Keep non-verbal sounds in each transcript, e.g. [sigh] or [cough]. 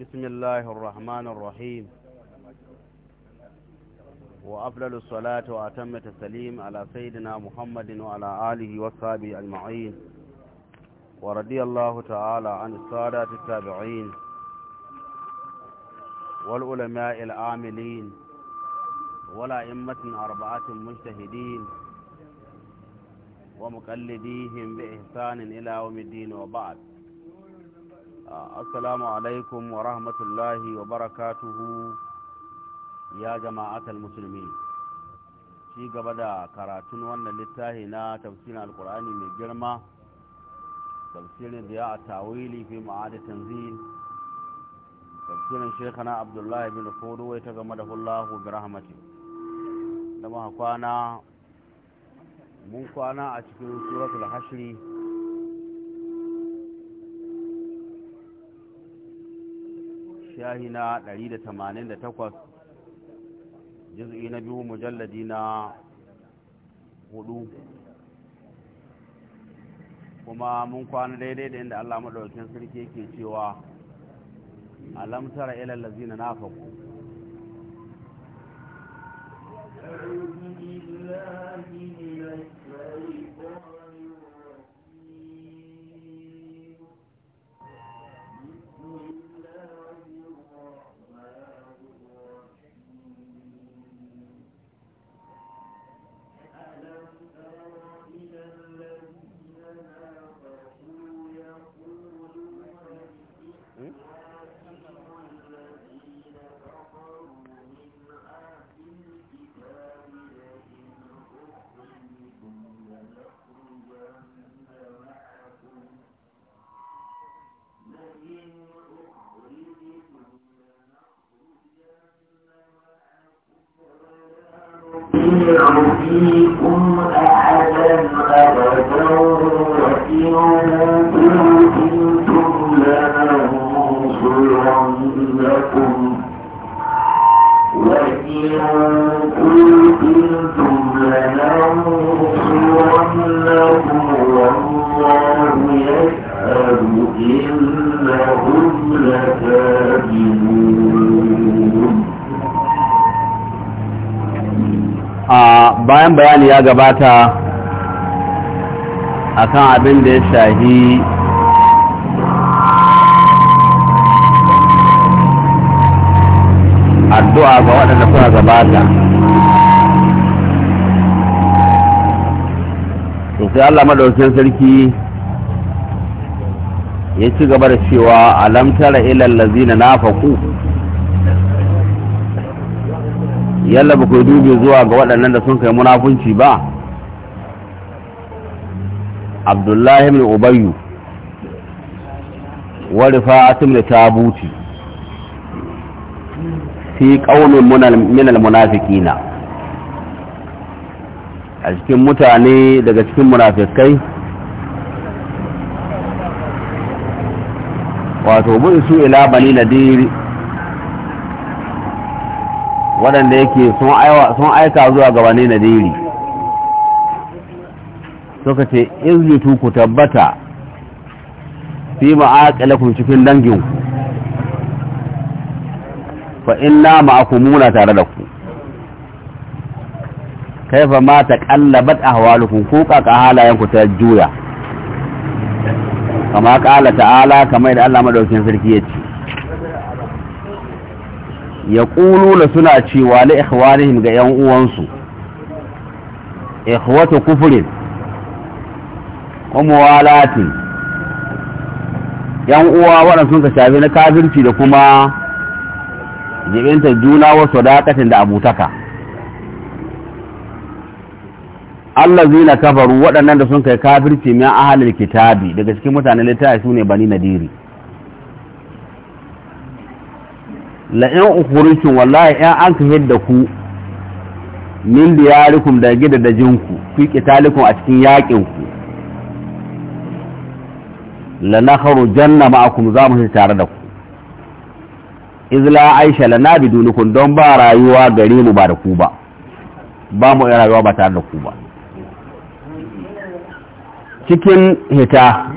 بسم الله الرحمن الرحيم وأفضل الصلاة وأتم التسليم على سيدنا محمد وعلى آله وصحبه أجمعين ورضي الله تعالى عن السادة التابعين والعلماء العاملين ولا إمة أربعة مجتهدين ومقلديهم بإحسان إلى يوم الدين وبعد alaikum wa rahmatullahi wa barakatuhu. Ya جماعة Musulmi. shi gaba da karatun wannan littafi na tafsirin alkur'ani mai girma tafsirin da ya a tawili fi ma'ada tanzil tafsirin shekana abdullahi bin fodo ta game da hullahu bi rahmati da kwana mun kwana a cikin suratul hashri shahi na 188 juz'i na biyu mujalladi na hudu kuma mun kwana daidai da inda Allah maɗaukin sarki yake cewa alam tara ila allazina nafaqu أعوذ بالله من الشيطان هذه أمتي bayan bayani ya gabata akan abin da ya shahi addu'a ga waɗanda suna gabata sai Allah sarki ya ci gaba da cewa alamtara na nafa nafaku yalla ba ku dube zuwa ga waɗannan da sun kai munafunci ba abdullahi ibn ubayyu wa rifa'at ibn tabuti fi qaumin min al-munafiqina a cikin mutane daga cikin munafikai wato bu su ila bani nadiri waɗanda yake sun aika zuwa gabanin na suka ce izlitu ku tabbata fi ma'aƙalakun cikin danginku fa inna muna tare da ku kaifa ma ta a ahwalukum kuka ka halayenku ta juya kama kala ta'ala kamar da Allah maɗaukin sarki ya ce ya ƙulula suna cewa na ikhwanihim ga ‘yan uwansu ikhwata kufurin kuma walatin ‘yan uwa waɗanda sun ka shafi na kafirci da kuma jibinta juna wasu dakatin da abutaka Allah na kafaru waɗannan da sun kai kafirci min ahalar kitabi daga cikin mutanen littafi su ne bani nadiri la'in ukurikin wallahi ‘yan an ka hidda ku min diyarikum da gida da jinku ku kitalikun a cikin yaƙinku la na janna ma'akum za mu tare da ku izla aisha la na bidunukun don ba rayuwa gare mu ba da ku ba ba mu rayuwa ba tare da ku ba cikin hita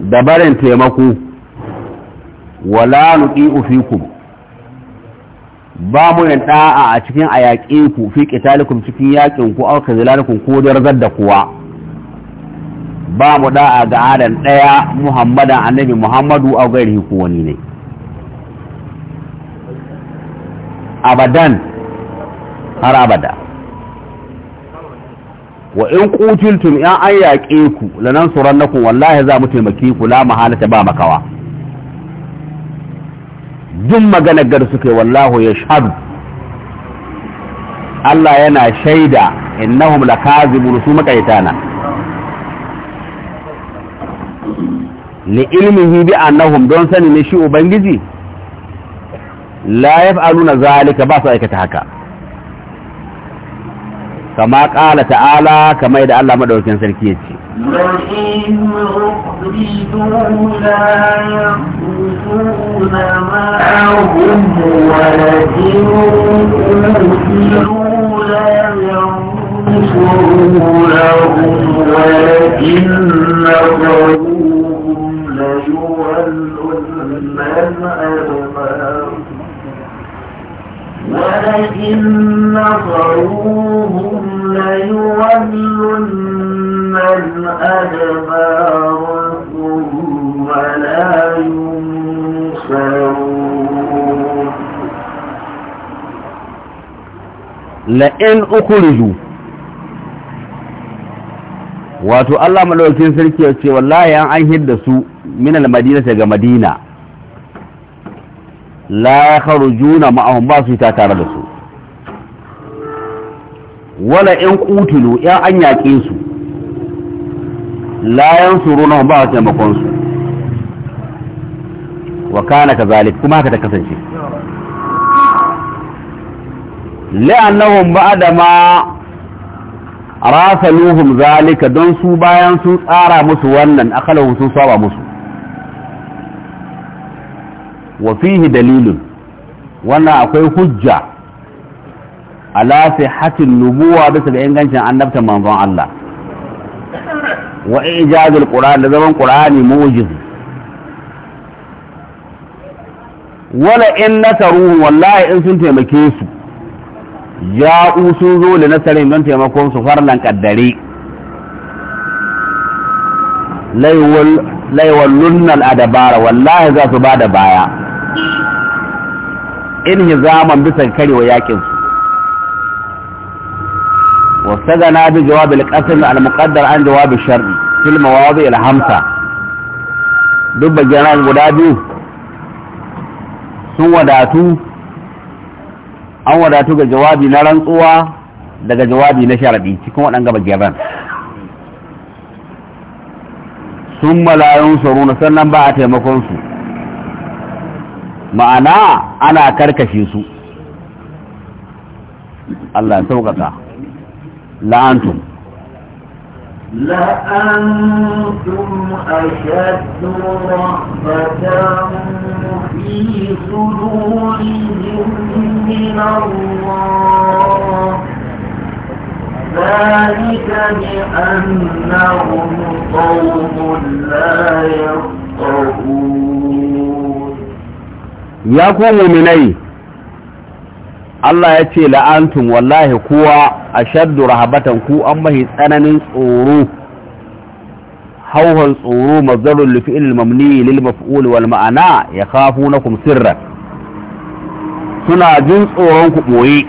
da barin taimako wala nuti'u fikum ba mu yin da'a a cikin ayaƙe ku fi qitalikum cikin yakin ku aka kazalakum ko razar da kuwa ba mu da'a ga adan daya muhammadan annabi muhammadu a gairihi ku wani ne abadan har abada wa in qutiltum ya an yaƙe ku lanan surannakum wallahi za mu taimake ku la mahalata ba makawa duk maganar gar suke wallahu ya shahadu Allah yana shaida innahum lakazibun su makaitana li ilmihi bi annahum don sani ne shi ubangiji la yaf'aluna zalika ba su aikata haka kama ƙala ta'ala kama da Allah madaukakin sarki ya ce وإن أخرجوا لا يخرجون معهم ولئن أخرجوا لا ينصرونهم ولئن نصروهم ليولن الأدبار ولئن نصروهم ليولن الأدبار ثم لا ينصرون لئن أخرجوا wato Allah malaukin sarki ya ce wallahi an hidda su min al-madina daga madina la kharujuna ma'ahum ba su ta tare da su wala in qutilu ya an yaƙe su la yansuruna ba su taimakon su wa kana kazalik kuma haka ta kasance la'annahum ba'da ma rasaluhum zalika don su bayan sun tsara musu wannan akalahu sun saba musu wa fihi dalilun wannan akwai hujja ala sihhatin nubuwa bisa ga ingancin annabta manzon Allah wa ijazul qur'an da zaman qur'ani mujiz wala in nasaruhu wallahi in sun taimake su ya'u sun zo da nasarin don taimakon su farlan kaddare a dabara wallahi za su ba da baya in hizaman bisa karewa yakin su al-muqaddar an jawabi shar'i fil mawadi al-hamsa الخمسة دب guda biyu, sun wadatu an wadatu ga jawabi na rantsuwa daga jawabi na sharadi cikin waɗanga bajeran sun malayun sauru sannan ba a taimakonsu ma'ana ana karkashe su Allah sauƙaƙa la'antum لأنتم أشد رهبة في صدورهم من الله ذلك بأنهم قوم لا يفقهون ya ku muminai Allah ya ce la'antum wallahi kuwa shaddu rahabatan ku an mahi tsananin tsoro hauhan tsoro mazdarul lifi'il mamni lil maf'ul wal ma'ana yakhafunakum sirran suna jin tsoron ku boye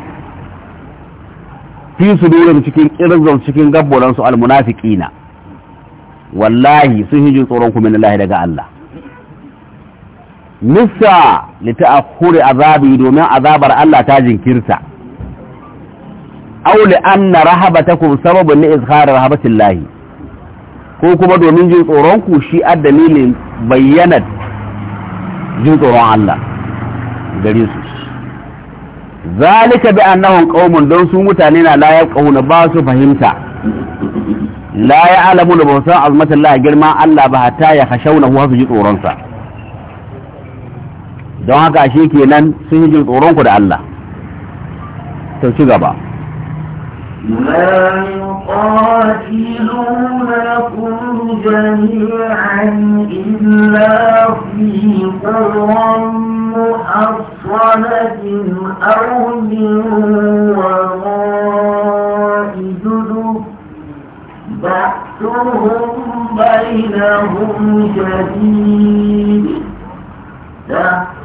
fi sudurin cikin kirzon cikin gabburan su almunafiqina wallahi sun hijin tsoron ku min Allah daga Allah nisa lita'akhuri azabi domin azabar Allah ta jinkirta aw li anna rahabatakum sababun li izhar rahabatillahi ko kuma domin jin tsoron ku shi addalilin bayyana jin tsoron Allah gare su zalika bi annahum qaumun don su mutane na la yaqawna ba su fahimta la ya'lamu ba san azmatallahi girma Allah ba ta ya khashawna wa su ji tsoron sa don haka shi kenan sun yi jin tsoronku da Allah to ci gaba لا يقاتلونكم جميعا إلا في قرى محصنة أو من وراء جدر بأسهم بينهم شديد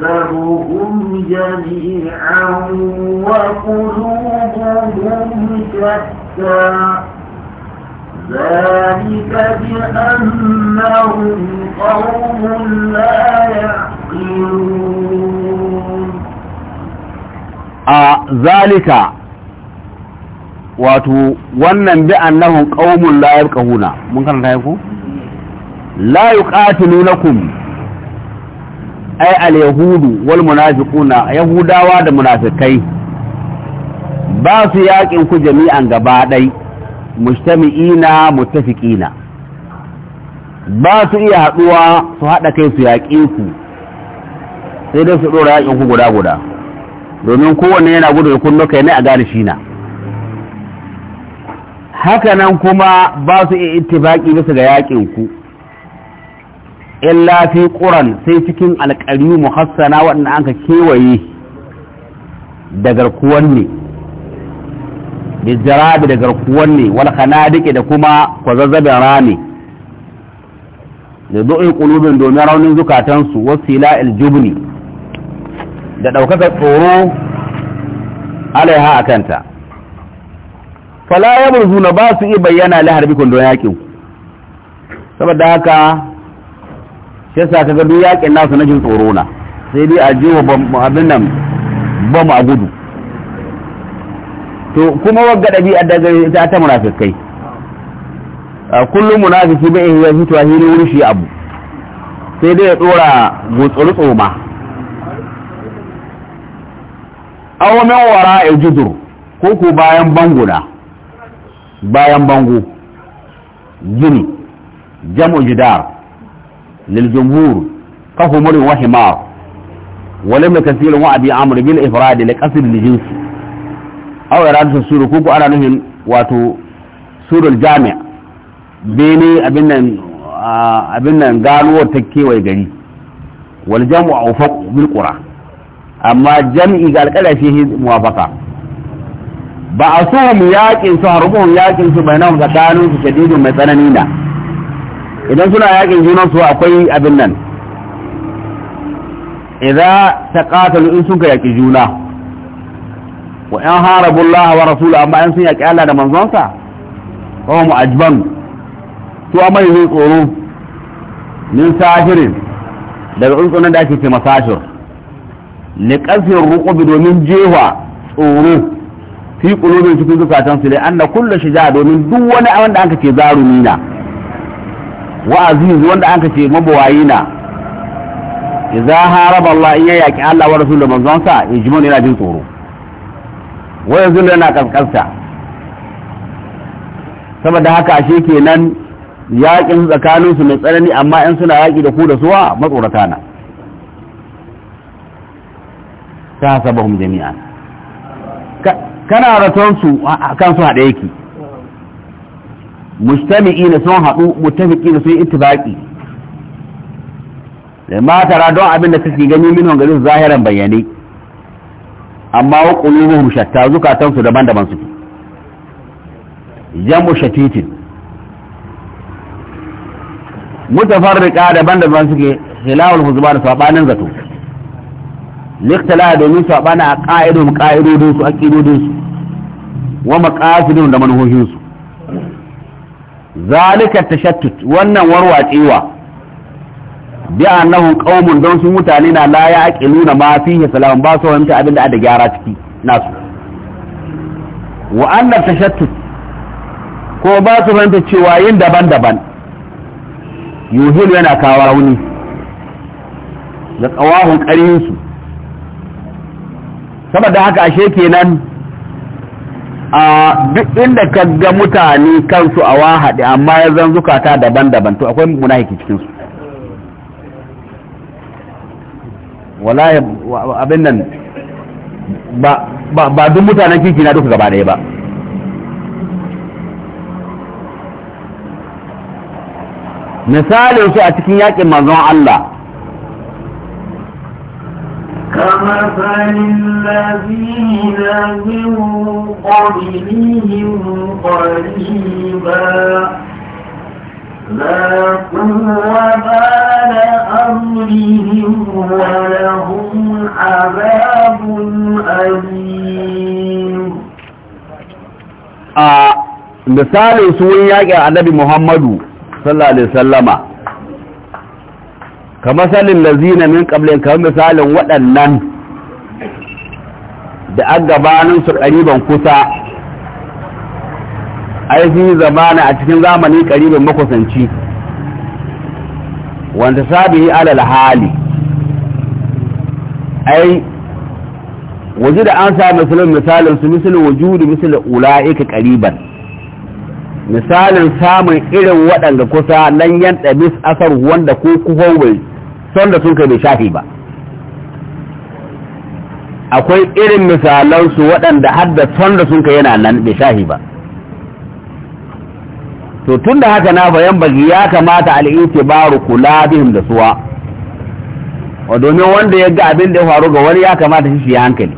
تحسبهم جميعا وقلوبهم شتى ذلك بأنهم قوم لا يعقلون آه ذلك wato wannan bi annahum qaumun la yafqahuna mun karanta yaku la yuqatilunakum ai al-yahudu wal munafiquna yahudawa da munafikai ba su yakin ku jami'an gaba dai mujtami'ina muttafiqina ba su iya haduwa su hada kai su yaƙe ku sai dai su dora yakin ku guda guda domin kowanne yana gudu da kullu kai ne a gane shi na haka nan kuma ba su iya ittifaqi bisa ga yakin ku illa fi ƙuran sai cikin alƙari muhassana waɗanda an ka kewaye da garkuwan ne da jarabi da garkuwan ne wal khanadiki da kuma kwazazzabin rami da zo'in ƙulubin domin raunin zukatansu wasila iljubni da ɗaukakar tsoro alaiha a kanta fala ya burzuna ba su iya bayyana lahar bikon don yaƙin saboda haka sai sa ta ga yakin nasu na jin tsoro na sai dai a wa abin nan ba mu a gudu to kuma wagga ɗabi'ar da zai ta ta munafikai kullum munafiki bai iya fitowa hili wuri shi abu sai dai ya tsora gutsuru tsoma awamin wara ya jidur ko ko bayan na bayan bango gini jam'u jidar للجمهور كهمر وحمار ولم كثير وعدي عمر بالإفراد لقصد الجنس أو إرادة السورة كوكو أنا نهم واتو سورة الجامع بيني أبنن أبنن قالوا تكي ويقري والجمع أوفق بالقرى أما جمعي قال كلا فيه موافقة ba a so mu yakin su harbuhun yakin su bainahu tsakanin su shadidun mai tsanani na idan suna yakin junan su akwai abin nan idza taqatalu in suka yaki juna wa in harabu Allah wa rasulu amma in sun yaki Allah da manzonsa fa mu ajban to amma tsoro min safirin daga tsuntsunan da ake ce masashir liqasir ruqub domin jewa tsoro fi qulubin cikin zukatan su dai anna kullu shija domin duk wani wanda anka ce zarumina wa aziz wanda an kace mabawayi na idza haraba Allah in yaki Allah wa rasuluhu manzon sa ijmun yana jin tsoro wa yanzu yana kaskasta saboda haka ashe kenan yakin tsakanin su mai tsanani amma in suna yaki da ku da suwa matsorata na ta sabahum jami'an kana raton su kan su hada yake mujtami'ina sun haɗu mutafiqina sun ittifaqi Da matara don abin da kake gani min garin zahiran bayyane amma wa qulubuhum shatta zukatan su daban-daban suke jamu shatitin mutafarriqa daban-daban suke khilaful da sabanin zato liktala domin sabana a qa'idum qa'idodin su aqidodin su wa maqasidun da manhohin zalika tashattut wannan warwatsewa bi annahum qaumun don su mutane na la yaqiluna ma fihi salam ba su fahimta abinda da gyara ciki nasu wa anna tashattut ko ba su fahimta cewa yin daban-daban yuhil yana kawo rauni Ga tsawahun ƙarinsu saboda haka ashe kenan a duk inda ka ga mutane kansu a wahaɗe amma ya zan zukata daban-daban to akwai munafiki cikin su wallahi abin nan ba duk mutanen kiki na duka gaba ɗaya ba misalin su a cikin yakin manzon Allah كمثل الذين من قبلهم قريبا ذاقوا وبال أمرهم ولهم عذاب أليم misalin sun yaƙi annabi Muhammadu sallallahu alaihi wasallama Ka kamasalin lazina min qablin kamar misalin waɗannan da an gabanin su ƙariban kusa ai fi zamana a cikin zamani ƙariban makusanci wanda sabihi alal hali ai waje da an sa misalin misalin su misalin wujudu misalin ula'ika ƙariban misalin samun irin waɗanda kusa nan yan ɗabis asar wanda ko kuhon son da sun kai bai shafi ba akwai irin misalansu waɗanda hadda son da sun kai yana nan bai shafi ba to tun da haka na bayan bagi ya kamata al'inci baru kula bihim da suwa wa domin wanda ya ga abin da ya faru ga wani ya kamata shi ya hankali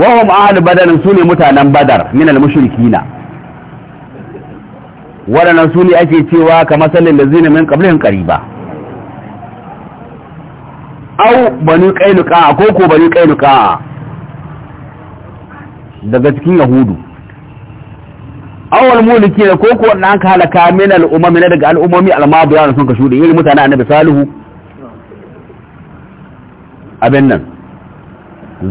wahum ahli badarin su ne mutanen badar min al-mushrikina waɗannan su ne ake cewa kamar masalin da zina min qablihim qariba au banu kainuka ko ko banu kainuka daga cikin yahudu awal mulki ne ko ko wannan ka halaka min al-umami na daga al-umami al-madiya sun ka shude irin mutane annabi salihu abin nan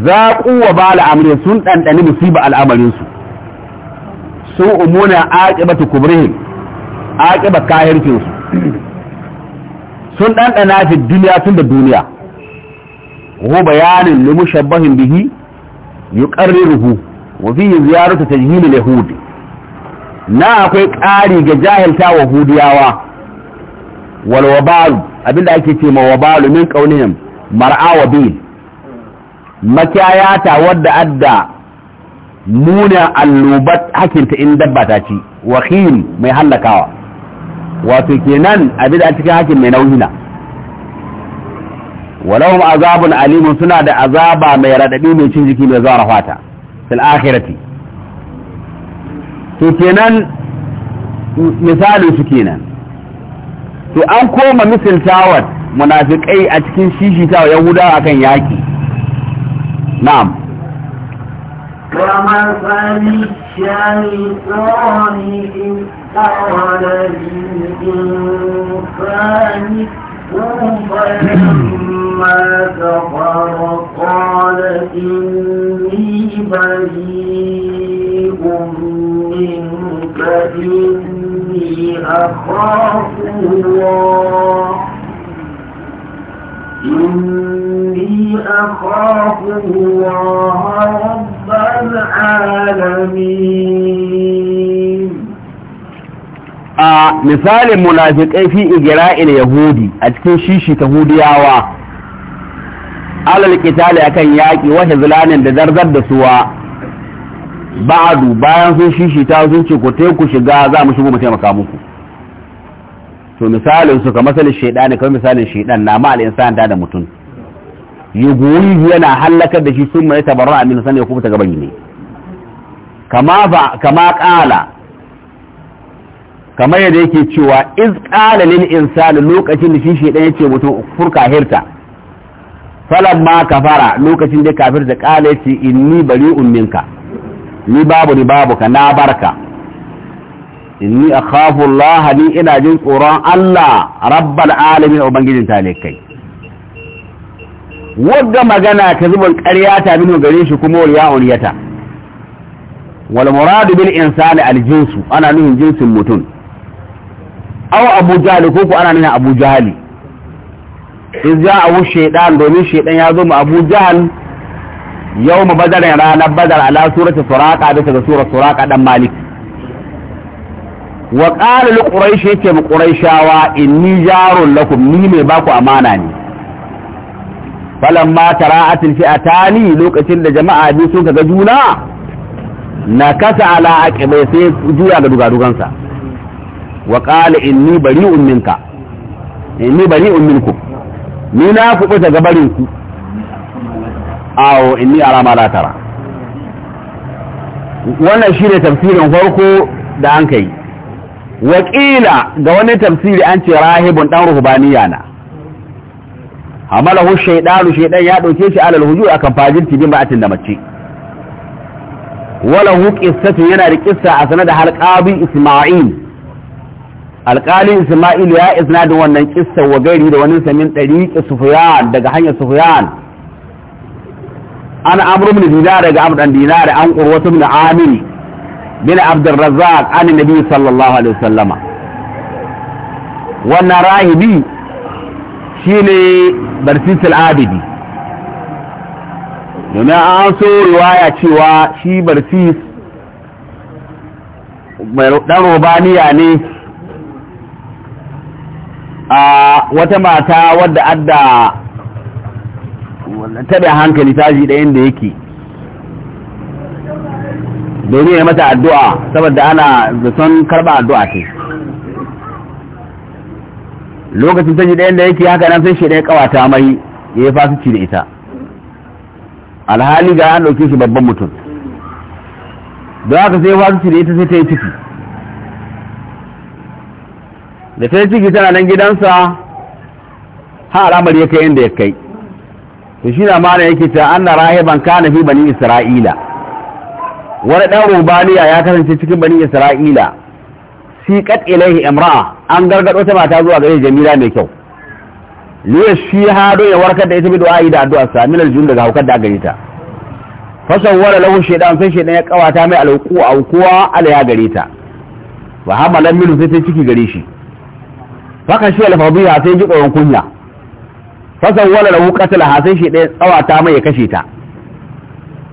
zaqu wa bala amri sun dandani musiba al'amarin su sun umuna aqibatu kubrihim aqibat kahircin su sun dandana fi duniya tun da duniya وهو بيان لمشبه به يقرره وفيه زيارة تجهيل اليهود na akwai ƙari ga jahilta wa hudiyawa wal wabalu abinda ake ce ma wabalu min kaunihim mar'a wa bil makiyayata wadda adda muna allubat hakinta in dabba ci wa mai hallakawa wato kenan abinda a cikin hakin mai nauyi na walahum azabun alimun suna da azaba mai radadi mai cin jiki mai zuwa fata fil akhirati to kenan misalin su kenan to an koma misal misaltawar munafikai a cikin shishitawa yahudawa akan yaki na'am ومثل الشيطان إذ قال للإنسان فلما كفر قال إني بريء منك إني أخاف الله إني أخاف الله رب العالمين a misalin munafiƙai fi igra'il yahudi a cikin shishi ta hudiyawa alal qitali akan yaki wa hizlanin da zarzar da suwa ba'du bayan sun shishi ta sun ce ku te ku shiga za mu shigo mu taimaka muku to misalin su kamar misalin shaydani kamar misalin shaydan na ma al-insan da da mutum yuguwi yana halakar da shi sun mai tabarra min sanin ya kuma gaban ne kama ba kama kala kamar yadda yake cewa iz qala lil insani lokacin da shi shedan yace mutum furka hirta falamma kafara lokacin da kafir da qala yace inni bari'un minka ni babu ni babu ka na barka inni akhafu Allah ni ina jin tsoron Allah rabbal alamin ubangijin talikai wagga magana ta zuba ƙarya ta minu gare shi kuma wal ya'un wal muradu bil insani al jinsu ana nuhin jinsin mutum awa abu jahali ko ana nuna abu jahali in a abu shaidan domin shaidan ya zo mu abu jahal yau mu ya ranar badar ala surata suraka bisa ga surar suraka dan malik wa qala lu quraish yake mu in inni jarun lakum ni mai baku amana ne falamma a tani lokacin da jama'a biyu sun ga juna na kasa ala aqibai sai juya ga dugadugansa wa qala inni bari'un minka ni na kuɓu daga barin ku awo inni alama la wannan shi ne tafsirin farko da an kai ga wani tafsiri an ce rahibun ɗan ruhbaniya na hamalahu shaydanu shaydan ya dauke shi alal hujur akan fajin tibin da mace wala qissatu yana da qissa a sanada halqabi isma'il alƙali isma'il ya isnadin wannan kissa wa gairi da wani samin ɗariƙi sufuyan daga hanyar sufuyan an amru min dinar daga amru dan dinar an qurwatu min amir bin abdur razzaq an nabi sallallahu alaihi wasallama wannan rahibi shine barsitul abidi domin an so riwaya cewa shi barsis mai dan robaniya ne a wata mata wadda adda taɓa hankali tashi da inda yake domin ya mata addu'a saboda ana zaton karɓa addu'a ce lokacin tashi da inda yake haka nan sai shi ɗaya kawata mai ya yi fasici da ita alhali ga an ɗauke shi babban mutum don haka sai fasici da ita sai ta yi ciki da ta ciki tana nan gidansa ha al'amari ya kai inda ya kai to shi na mana yake ta an na rahiban kana fi bani isra'ila wani ɗan rubaniya ya kasance cikin bani isra'ila si kat ilaihi imra'a an gargado ta mata zuwa gare jamila mai kyau liya shi ha don ya warkar da ita bi du'a da addu'a sa min aljun daga haukar da aka gare ta fa sawwara lahu shaytan sai shaytan ya kawata mai alqu aukuwa ala ya gare ta wa hamalan min sai ciki gare shi fakan shi alfabiya sai ji tsoron kunya fasan wala lahu qatala sai shi ɗaya tsawata mai ya kashe ta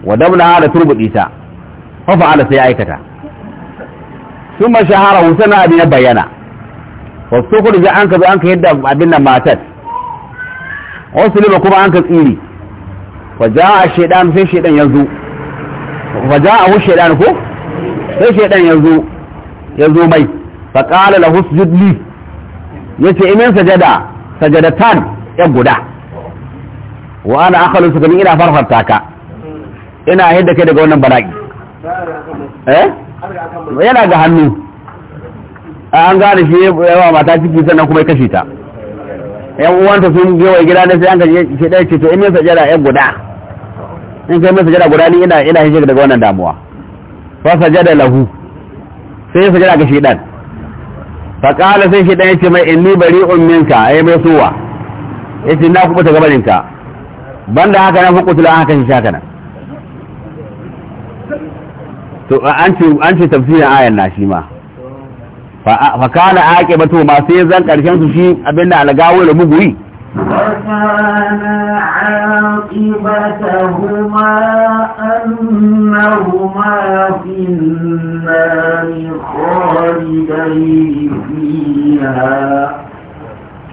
wa dabla da turbuɗi ta fa fa'ala sai aikata summa shahara husana abin ya bayyana wasu sukuru da an ka zo an ka yadda abin nan matar wasu lima kuma an ka tsiri fa a shaidan sai shaydan yanzu fa ja'a hu shaydan ko sai shaydan yanzu yanzu mai fa qala lahu sujud li yace imin sajada sajadatan ya guda wa ana akhalu suka min ina farfarta ka ina hidda kai daga wannan baraki eh yana ga hannu an gane shi yawa mata ciki sannan kuma ya kashe ta yan uwanta sun je wa gida ne sai an gaje shi dai ce to imin sajada ya guda in kai min sajada guda ni ina ina hidda daga wannan damuwa fa sajada lahu sai sajada ga shedan faƙala sai shi ɗaya ce mai inni bari umminka a yi mai suwa ya ce na kuɓuta gabaninka da haka na hukutula an haka shi sha kana to an ce tafsirin ayan na shi ma faƙala ake batu masu yin zan ƙarshen su shi abinda algawar da buguri وكان عاقبتهما أنهما في النار خالدين فيها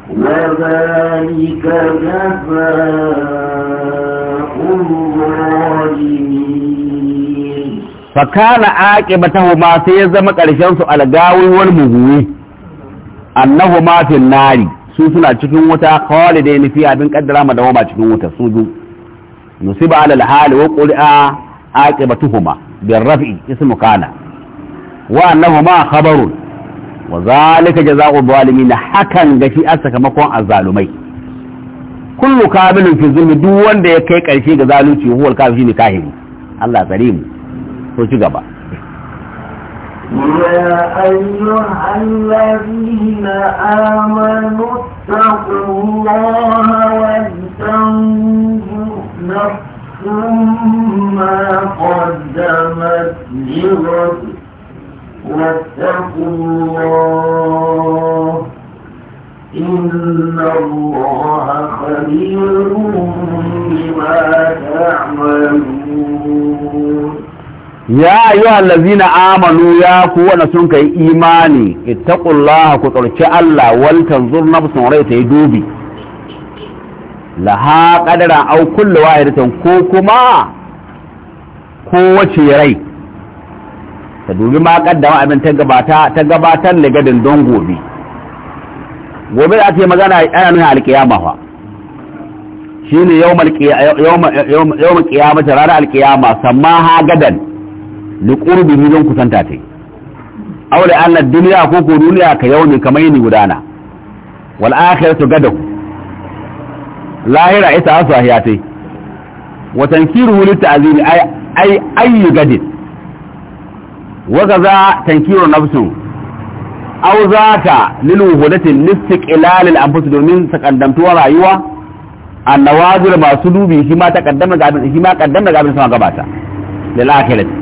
وذلك جزاء الظالمين فكان عاقبتهما سيزم قرشنس على قاوي والمغوي أنهما في النار su suna cikin wuta khalidain nufi abin kaddara ma ba cikin wuta su du nusiba alal hali wa qul'a aqibatuhuma bil raf'i ismu kana wa annahuma khabarun wa zalika jazaa'u zalimin hakan gashi a sakamakon azzalumai kullu kamilun fi zulmi duk wanda ya kai karshe ga zalunci huwal shi ne kahiri Allah tsare mu to ci gaba يا أيها الذين آمنوا اتقوا الله ولتنظر نفس ما قدمت لغد واتقوا الله إن الله خبير بما تعملون ya ayyuhal ladzina amanu ya ku wanda sun kai imani ittaqullaha ku tsarki Allah wal tanzur nafsun rai ta yi dubi laha qadara aw kullu ko kuma ko wace rai ta dubi ma kaddama abin ta gabatar da gadin don gobe gobe da ake magana ana nuna alkiyama fa shine yawmal qiyamah yawmal qiyamah ranar alƙiyama? samma ha gadan li qurbihi don kusanta ta aw Aure anna dunya ko ko duniya ka yau yawmi kamar ni gudana wal akhiratu gadahu lahira ita asu ahiyatai wa tankiruhu li ta'zimi ay ay ay gadin wa gaza tankiru nafsun aw zaka lil wuhudati listiqlal al anfus domin sakandamtuwa rayuwa annawazir masu dubi shi ma takaddama ga shi ma kaddama ga sama gabata lil akhirati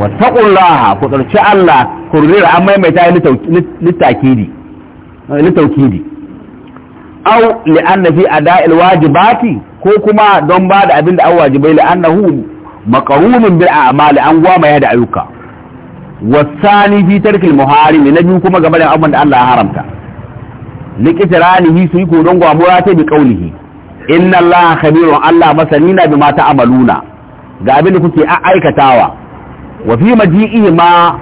wattaqullaha ku tsarci Allah ku rira an maimaita litakidi eh, litaukidi aw li anna fi ada'il wajibati ko kuma don ba da abin da an wajibai li annahu maqrumun bil a'mali an gwama ya da ayyuka wasani fi tarkil muharimi na biyu kuma game da abin da Allah ya haramta Likita su yi kodon gwamura ta bi kaulihi inna Allah khabirun Allah masanina bima ta'maluna ga abin da kuke aikatawa وفي مجيئه ما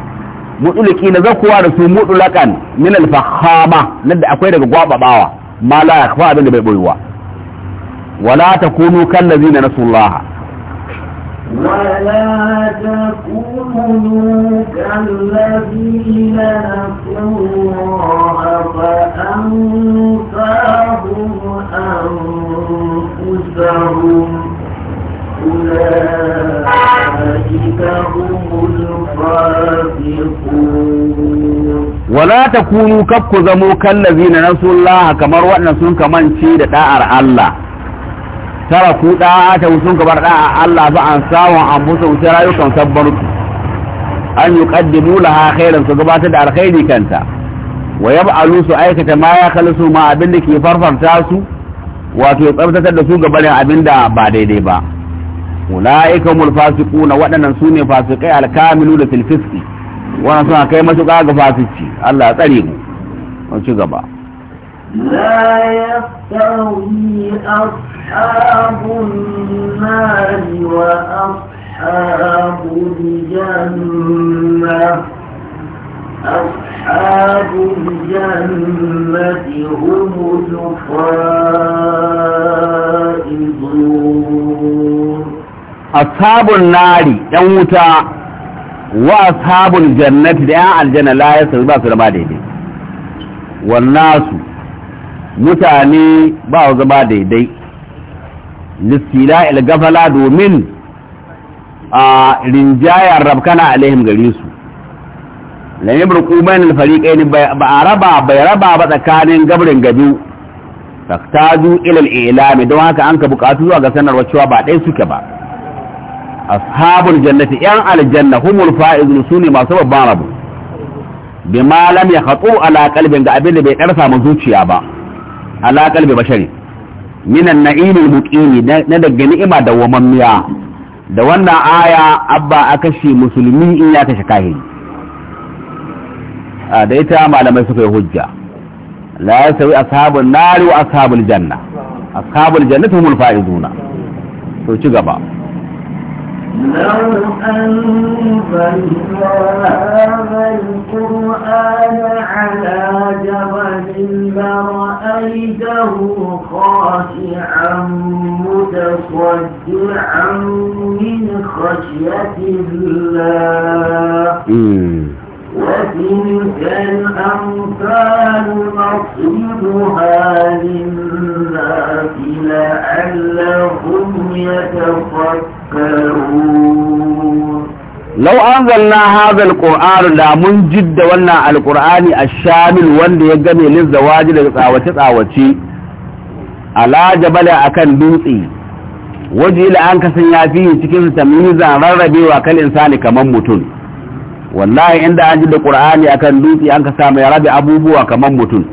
مطلقي نزقوا رسول مطلقا من الفخامة لدى أكويدة قواب باوا ما لا يخفى من البيبوا ولا تكونوا كالذين نسوا الله ولا تكونوا كالذين نسوا الله فأنفاهم أنفسهم wala kunu kaf ku zamo kallazi na rasulullah kamar waɗannan sun kamance da da'ar Allah tara ku da'a ta sun kabar da'a Allah ba an an musu wuce rayukan sabbarku an yuqaddimu laha khairan su gabatar da alkhairi kanta wa yab'alu su aikata ma ya khalisu ma abin da ke farfarta su wato tsabtatar da su gabarin abin da ba daidai ba ulaika humul fasiqun waɗannan sune fasikai alkamiluna fil fisqi wa sun kai masu ga fasici Allah ya tsare mu mu ci gaba لا يستوي أصحاب النار وأصحاب الجنة أصحاب الجنة هم الفائزون ashabun nari yan wuta wa ashabun jannati da yan aljanna la ya ba su zama daidai wannasu mutane ba su zama daidai lissila ilgafala domin a rinjayar rabkana alaihim gare su burku bayan bainal ne ba raba bai raba ba tsakanin gabrin gaju taktaju ilal ilami don haka an ka bukatu zuwa ga sanarwa cewa ba ɗaya suke ba ashabul jannati yan aljanna humul faizun sune masu babban rabu bima lam yakhatu ala qalbin da abin da bai karsa mu zuciya ba ala qalbi bashari minan na'imil muqimi na daga ni'ima da wamammiya da wannan aya abba akashi musulmi in ya kashe kahiri A da ita malamai suka yi hujja la yasawi ashabun nari wa ashabul janna ashabul jannati humul faizuna to ci gaba لو أنزلنا هذا القرآن على جبل لرأيته خاشعا متصدعا من خشية الله وتلك الأمثال نصيبها للناس لعلهم يتفكرون lau an zanna hazal ƙur'anu da mun jidda wannan alƙur'ani a shamil wanda ya game lin zawaji da tsawace-tsawace ala jabala akan dutse waje ila an kasan ya fi cikin tamizan rarrabewa kan sani kamar mutum wallahi inda an jidda ƙur'ani akan dutse an ka samu ya rabe abubuwa kamar mutum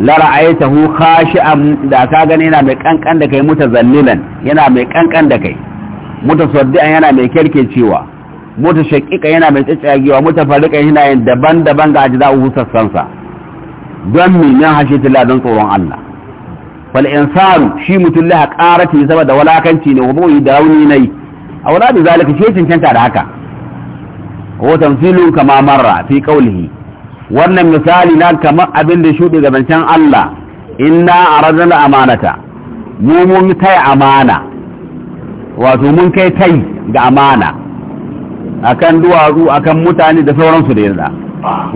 lara ayatahu khashi'an da ka gani yana mai kankan da kai mutazallilan yana mai kankan da kai mutasaddian yana mai kerkecewa mota shakika yana mai tsatsagewa mota farika yana yin daban-daban ga ajiza ubu sassansa don minyan hashe tilla don tsoron Allah wal insaru shi mutum laha ce saboda walakanci ne kuma yi da rauni yi a wala da zalika shi cancanta da haka wa tamthilun kama marra fi qawlihi wannan misali na kamar abin da shuɗe ga zancen Allah inna aradna amanata mu mun kai amana wato mun kai tai ga amana akan duwatsu akan mutane da sauransu da yadda.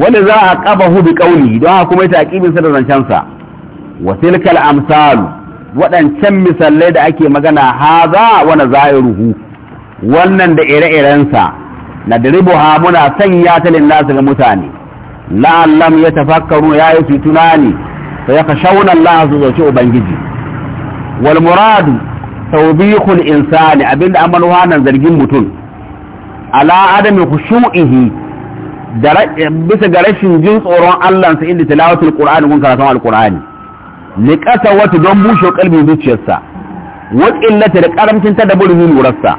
wanda za a kaba hu bi kauli don haka kuma ita aqibin sa da zancen sa wa tilkal amsal wadancan misalai da ake magana haza wa zairuhu wannan da ire-iren sa na ha muna sanya ta nasu ga mutane la'allam yatafakkaru yayi su tunani fa yakhshawna Allah su zaci ubangiji wal muradu tawbihul insani abinda amalu hanan zargin mutum ala adami khushu'ihi bisa ga rashin jin tsoron Allah sa inda tilawatul qur'ani kun karatun alqur'ani liqata wata don bushe kalbin zuciyarsa wa qillata da karamcin tadabburin lurarsa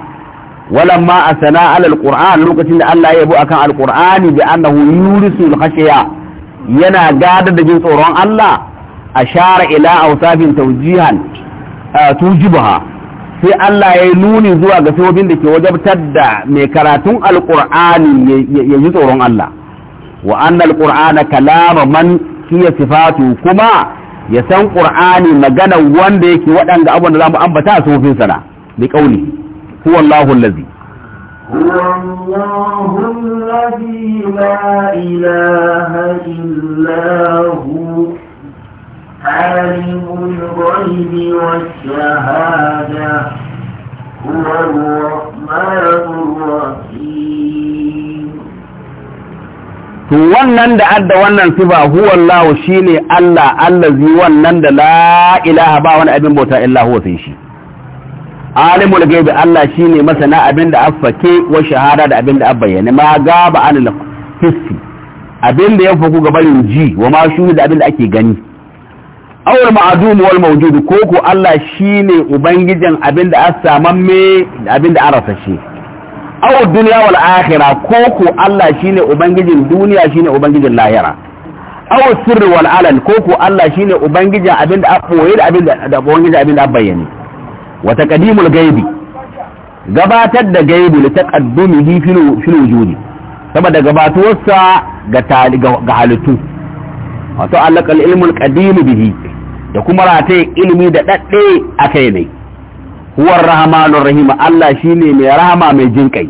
walamma asana ala alqur'an lokacin da Allah ya yabo akan alqur'ani bi annahu yurisul khashiya yana gada da jin tsoron Allah ashara ila awsafin tawjihan eh, tujibaha sai Allah ya yi nuni zuwa ga sahobin da ke wajabtar da mai karatun alƙur'ani ya yi tsoron Allah wa annal kalama man kiya sifatu kuma ya san ƙur'ani magana wanda yake waɗanda abin da za mu ambata a sahobin sana bi qauli huwa Allahu allazi عالم الغيب والشهادة هو الرحمن الرحيم wannan da adda wannan sifa huwa Allah shine Allah allazi wannan da la ilaha ba wani abin bauta illa huwa sai shi alimul gaibi Allah shine masana abin da affake wa shahada da abin da abbayyana ma gaba anil hissi abin da ya faku ga barin ji wa ma shuhu da abin da ake gani awar ma'adum wal mawjud ko ko Allah shine ubangijin abinda a samamme abinda an rasa shi aw dunya wal akhira ko ko Allah shine ubangijin duniya shine ubangijin lahira aw sirri wal alan ko ko Allah shine ubangijin abinda a koyi da abinda da ubangijin abinda a bayyane wa taqdimul gaibi gabatar da gaibi li taqaddumihi fil fil wujudi saboda gabatuwarsa ga ga halittu wato alaƙa ilmul ƙadimu bihi da kuma rataye ilimi da ɗaɗɗe a kai ne huwar rahamanur rahima Allah shi shine mai rahama mai kai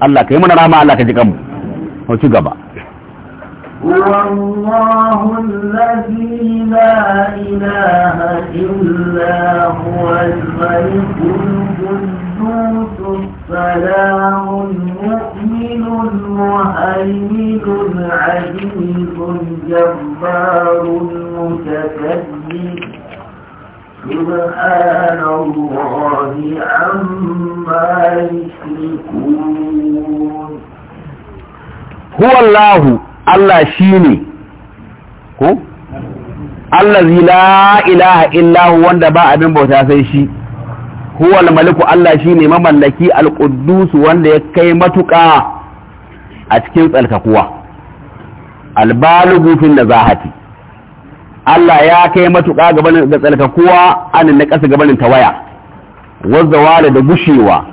Allah yi mana rahama Allah ka ji kanmu ci gaba هو الله الذي لا إله إلا هو الملك القدوس السلام المؤمن المهيمن العزيز الجبار المتكبر سبحان الله عما يشركون هو الله Allah shi ne ko? allazi la ilaha illahu wanda ba abin bauta sai shi huwal maliku Allah shi ne mamallaki alƙudusu wanda ya kai matuƙa a cikin tsalkakuwa albalugu da zahati Allah ya kai matuƙa gabanin da tsalkakuwa an na ƙasa gabanin tawaya wazda wale da gushewa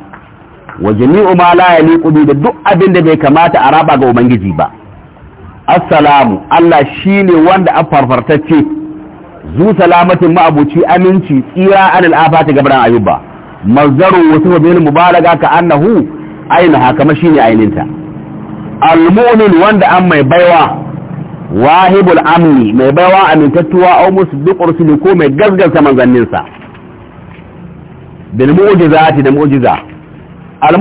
wa jami'u ma la yaliqu da duk abin da bai kamata a raba ga ubangiji ba assalamu Allah shi ne wanda an farfartacce zu salamatin ma'abuci aminci tsira an al'afati gabaran ayuba mazarun wasu bil mubalaga ka annahu aina hakama ne aininta al-mu'min wanda an mai baiwa wahibul amni mai baiwa amintattuwa au musdiq rusuli ko mai gaskata manzannin sa bil mu'jizati da mu'jiza al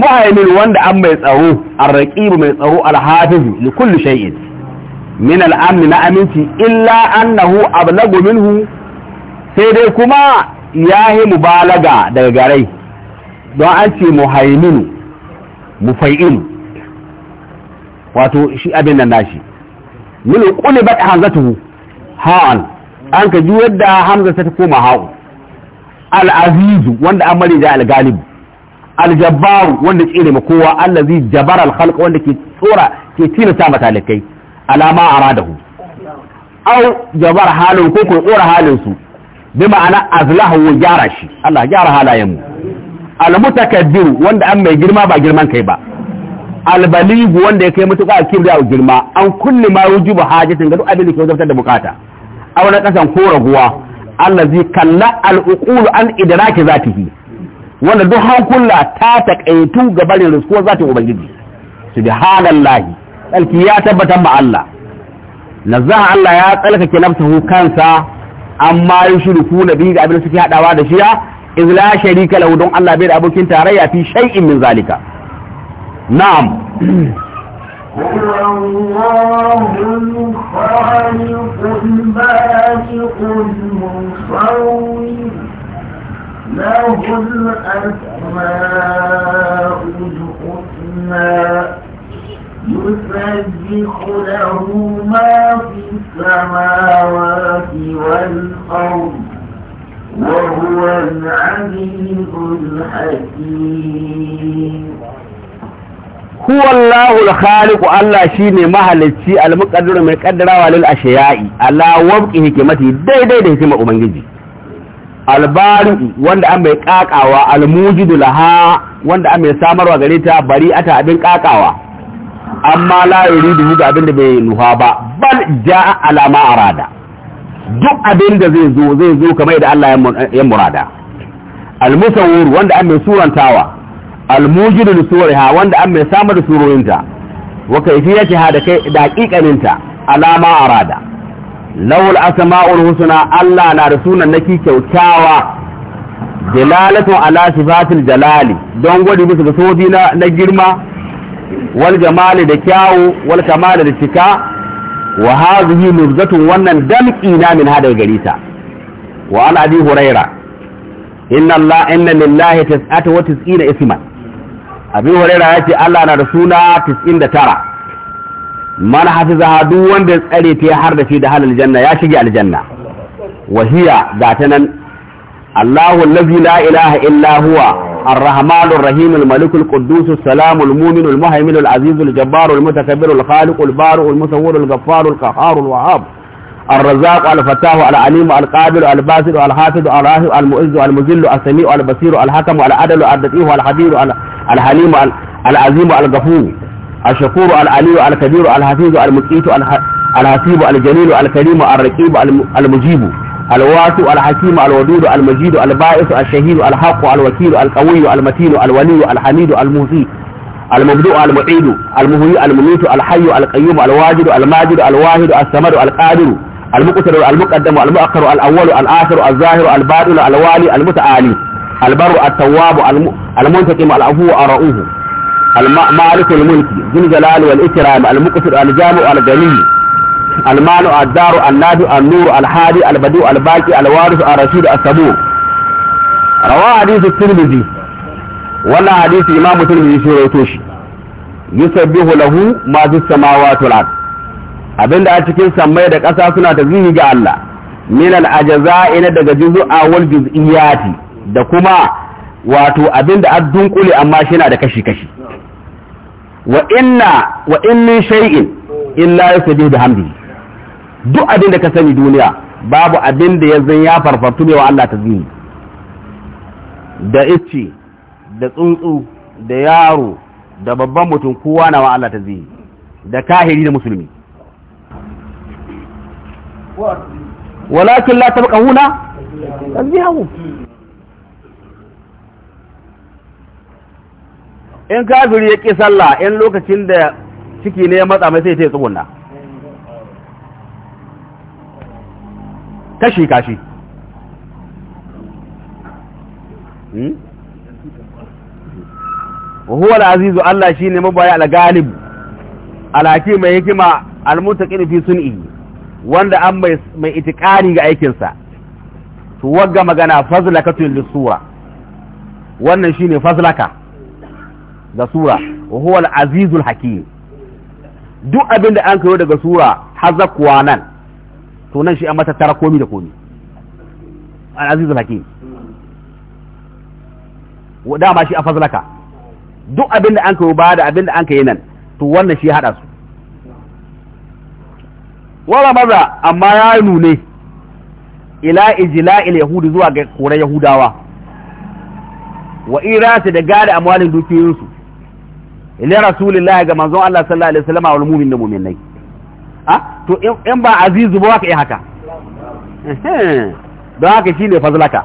wanda an mai tsaro ar mai tsaro al-hafiz li kulli shay'in min al'amni na aminci illa annahu ablagu minhu sai dai kuma ya yi mubalaga daga garai don an ce muhaiminu mufai'inu wato shi abin nan nashi min kulli bat hamzatuhu ha'an an ka ji da hamza ta koma ha'u al-azizu wanda an mari da al-galib al-jabbar wanda tsire ma kowa allazi jabara al-khalq wanda ke tsora ke tilasta matalikai alama hu, au jabar halin ko ko tsora halin su bi ma'ana azlahu wa gyara shi Allah gyara halayen mu al mutakabbir wanda an mai girma ba girman kai ba al wanda ya kai mutuka a kibriya girma an kulli ma yujibu hajatin ga duk abin da ke da bukata aw na kasan ko raguwa allazi kalla al uqul an idraki zatihi wanda duk hankula ta takaitu ga barin riskuwar zatin ubangiji subhanallahi tsalki ya tabbatar ma Allah nazaha Allah ya tsalkake nafsahu kansa amma yushriku nabi da abin suke hadawa da shiya iz la sharika lahu don Allah bai da abokin tarayya fi shay'in min zalika na'am الله الخالق البارئ المصور له الأسماء الحسنى يسبح له ما في السماوات والأرض وهو العزيز الحكيم هو الله الخالق الله شيني مهلتي المقدر من قدر للأشياء على وفق حكمته داي دي دي حكمة أمانجي albari wanda واند أمي كاكاوا almujidu لها واند أمي سامر وغريتا بريئة ta كاكاوا amma la yuridu da abin da bai nuha ba bal jaa alama arada duk abinda da zai zo zai zo kamar da Allah ya murada al-musawwir wanda an mai surantawa al-mujidu li suriha wanda an mai samar da surorinta wa kayfiyatiha da kai da hakikaninta alama arada lawul asma'ul husna Allah na da sunan naki kyautawa dalalatu ala sifatil jalali don gwadi musu da sojoji na girma wal jamali da kyawu wal kamali da cika wa hadhihi nubzatun wannan dalqi na min hada gari ta wa an abi huraira inna allah inna lillahi tis'ata wa tis'ina isman abi huraira yace allah na da suna 99 man hafizaha duk wanda tsare ta har da shi da halal janna ya shige aljanna wa hiya ta nan allahu allazi la ilaha illa huwa الرحمن الرحيم الملك القدوس السلام المؤمن المهيمن العزيز الجبار المتكبر الخالق البارئ المصور الغفار القهار الوهاب الرزاق الفتاح العليم القابل الباسل الحافظ الراهب المؤز المذل السميع البصير الحكم العدل الدقيق الحبير الحليم العظيم الغفور الشكور العلي الكبير الحفيظ المقيت الحسيب الجليل الكريم الرقيب المجيب الواسع الحكيم الودود المجيد البائس الشهيد الحق الوكيل القوي المتين الولي الحميد المهزي المبدوء المعيد المهي المميت الحي القيوم الواجد الماجد الواحد السمد القادر المقتدر المقدم المؤخر الأول الآخر الظاهر الباطن الوالي المتعالي البر التواب المنتقم العفو الرؤوف المالك الملك ذو الجلال والإكرام المقتدر الجامع الجليل المال الدار النافع النور الحادي البدو الباقي الوارث الرشيد الصبور رواه حديث الترمذي ولا حديث امام الترمذي في روتوشي yusabbihu lahu ma fi samawati wal ard abinda a cikin samai da ƙasa suna tasbihi ga Allah min al ajza'ina daga juzu a wal juz'iyati da kuma wato abinda addun kuli amma shi na da kashi kashi wa inna wa in min shay'in illa yasbihu bihamdihi duk abin da ka sani duniya babu abin da yanzu ya farfartu ne wa Allah ta zini da ice da tsuntsu da yaro da babban mutum kowa na wa Allah ta zini da kahiri da musulmi walakin la tabqa huna tazbihu in kafiri ya ƙi sallah in lokacin da ciki ne ya matsa mai sai ya tsugunna kashi kashi hmm? huwa al-azizu Allah shine mabaya al-galib alaki mai hikima al-muttaqin fi sun'i wanda an mai mai itikari ga aikin sa to wagga magana fazlakatu lis-sura wannan shine fazlaka da sura huwa al-azizu al-hakim duk abinda an kawo daga sura hazakwa nan to nan shi an mata tara komi da komi azizu azizul hakim dama shi a fazlaka duk abin da an ka ba da abin da an ka yi nan to wannan shi hada su wala maza amma ya nune ila ijla'il yahudi zuwa ga kore yahudawa wa irasi da gada amwalin dukiyoyinsu ila rasulillahi ga manzon Allah sallallahu alaihi wasallam wal mu'minin mu'minai ha to in ba azizu ba waka yi haka don haka ne fazlaka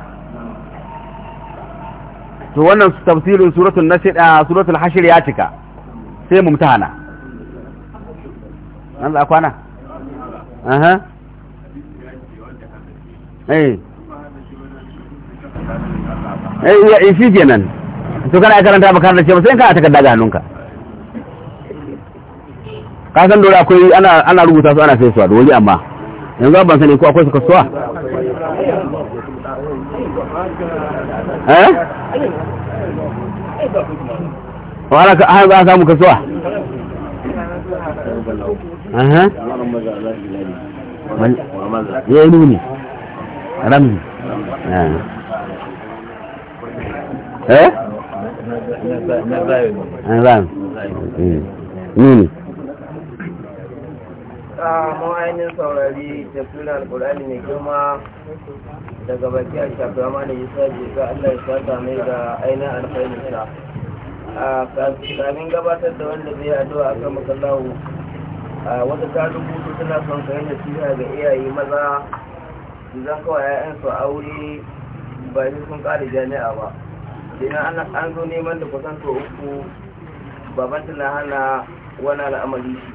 to wannan tafsirin suratul nashr suratul hashir ya cika sai mumtahana an za kwana aha eh eh ifi eh, kenan to kana karanta ba karanta ce ba sai ta takarda ga hannunka ka san dole akwai ana ana rubuta su ana sai su da wuri amma yanzu ban sani ko akwai su kasuwa eh wala ka ai ba samu kasuwa aha ya yi nuni ramzi eh? eh hmm. Nini? ma'ainin saurari tafsirin alkur'ani mai girma daga baki a shafi da isa jika allah ya sata mai da ainihin alkhairinsa kamin gabatar da wanda zai addu'a akan masallahu wata ta rubutu tana son kayan nasiha ga iyaye maza zan kawai 'ya'yansu aure ba sun kare jami'a ba idan an zo neman da kusan to uku baban tana hana wani al'amari shi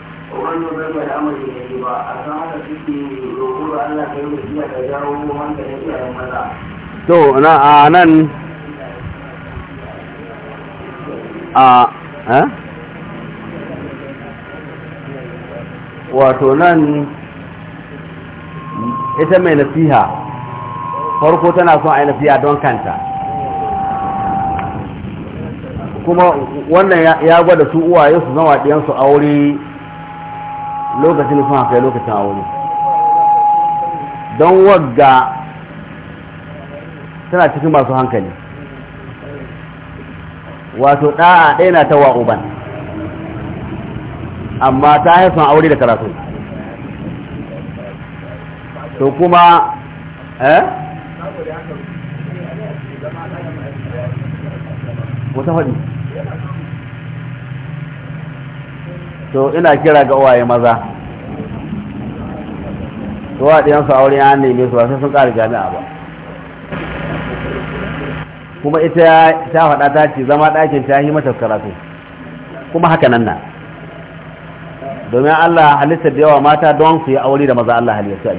wanda zai mai amari da shi ba a san haka suke roƙo da Allah ta yi wasiya ta jawo wanda ya iya maza to na a nan a eh wato nan ita mai nasiha farko tana son a yi nasiha don kanta kuma wannan ya gwada su uwaye su zama ɗiyansu aure lokacin sun kai lokacin aure don wagga tana cikin masu hankali wato ɗa'a ɗaya na ta wa'uban amma ta haifan aure da karatu to kuma eh wata haɗi to ina kira ga uwaye maza to wa aure an neme su ba sai sun ƙara jami'a ba kuma ita ta faɗa ta ce zama ɗakin ta yi mata karatu kuma haka nan na domin Allah halitta da yawa mata don su yi aure da maza Allah halitta a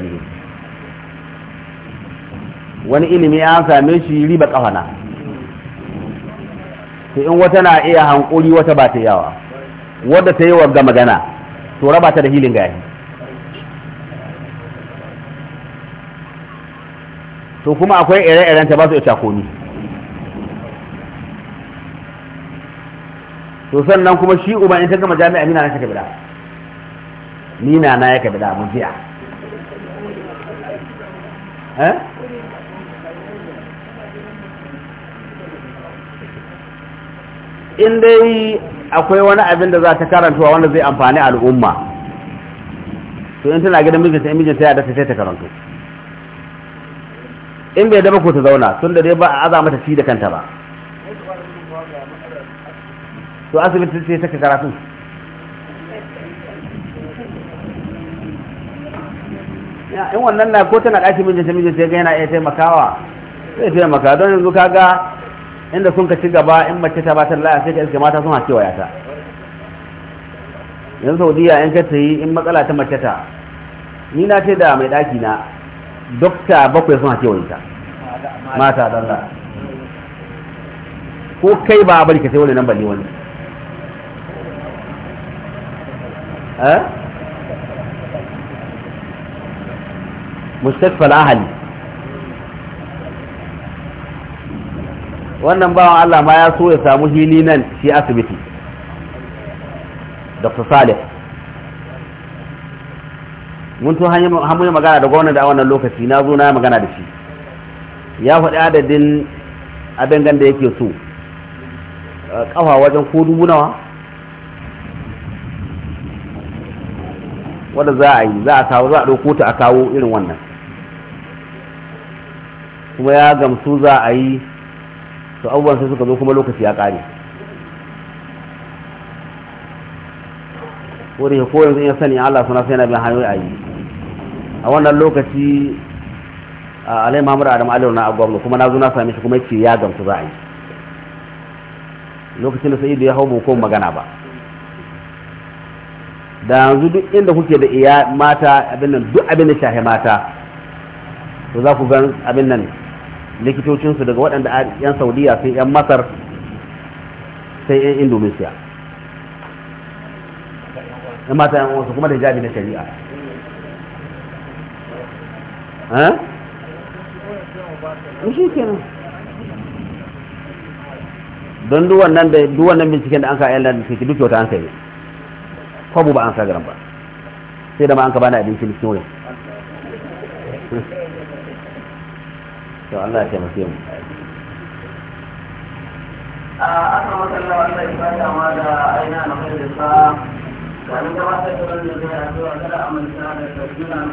wani ilimi an same shi riba ƙafana sai in wata na iya hankuri wata ba ta yawa wadda ta yi wagga magana to raba ta da hilin gayi to kuma akwai ire-iren ta ba su ita komi to sannan kuma shi uba in ta gama jami'a nina na ta kabila nina na ya kabila mun jiya eh in dai akwai wani abin da za ta karantowa wanda zai amfani al'umma to in tana gidan mijinta in mijinta ya dace sai ta karanto in bai dama ko ta zauna tun da dai ba a aza mata shi da kanta ba to asibiti sai ta karatu in wannan na ko tana ɗakin mijinta mijinta ya ga yana iya taimakawa zai taimaka don yanzu kaga inda sun ka ci gaba in mace ta ba ta laya sai ka iske mata suna cewa yata yanzu saudiya in ka yi in matsala ta mace ta ni na ce da mai ɗaki na dokta bakwai suna cewa ita mata dalla ko kai ba a bari ka sai wani nan balle wani eh mustaqbal ahli wannan bawan Allah ma ya so ya samu hili nan shi asibiti dr salif mun to hanyar magana da gwamnati a wannan lokaci na zo na magana da shi ya faɗi adadin abin da yake so kafa eh, wajen ko dubu nawa wanda za a yi za a kawo za a ɗauko ta a kawo irin wannan kuma ya gamsu za a yi to abubuwan sai suka zo kuma lokaci ya ƙare ko ya koyar zai ya sani Allah suna sai na bin hanyoyi a yi a wannan lokaci a alai mamur adam aliyu na agwamna kuma na zo na same shi kuma yake ya gamsu za a yi lokacin da sa'idu ya hau ba ko magana ba da yanzu duk inda kuke da iya mata abin nan duk abin da shahe mata to za ku gan abin nan likitocinsu daga waɗanda 'yan saudiya sai 'yan masar sai 'yan indonesia ƴan mata yan wasu kuma da jami na shari'a ha? Eh? shi kenan don duwannan da duwannan binciken da an ka ayyana da suke duk ta an kai kwabu ba an sa garan ba sai da ma an ka bana abincin da kyau [laughs] to Allah ya taimake mu a aka wanda ya fata ma da aina na da sa da wannan da kada da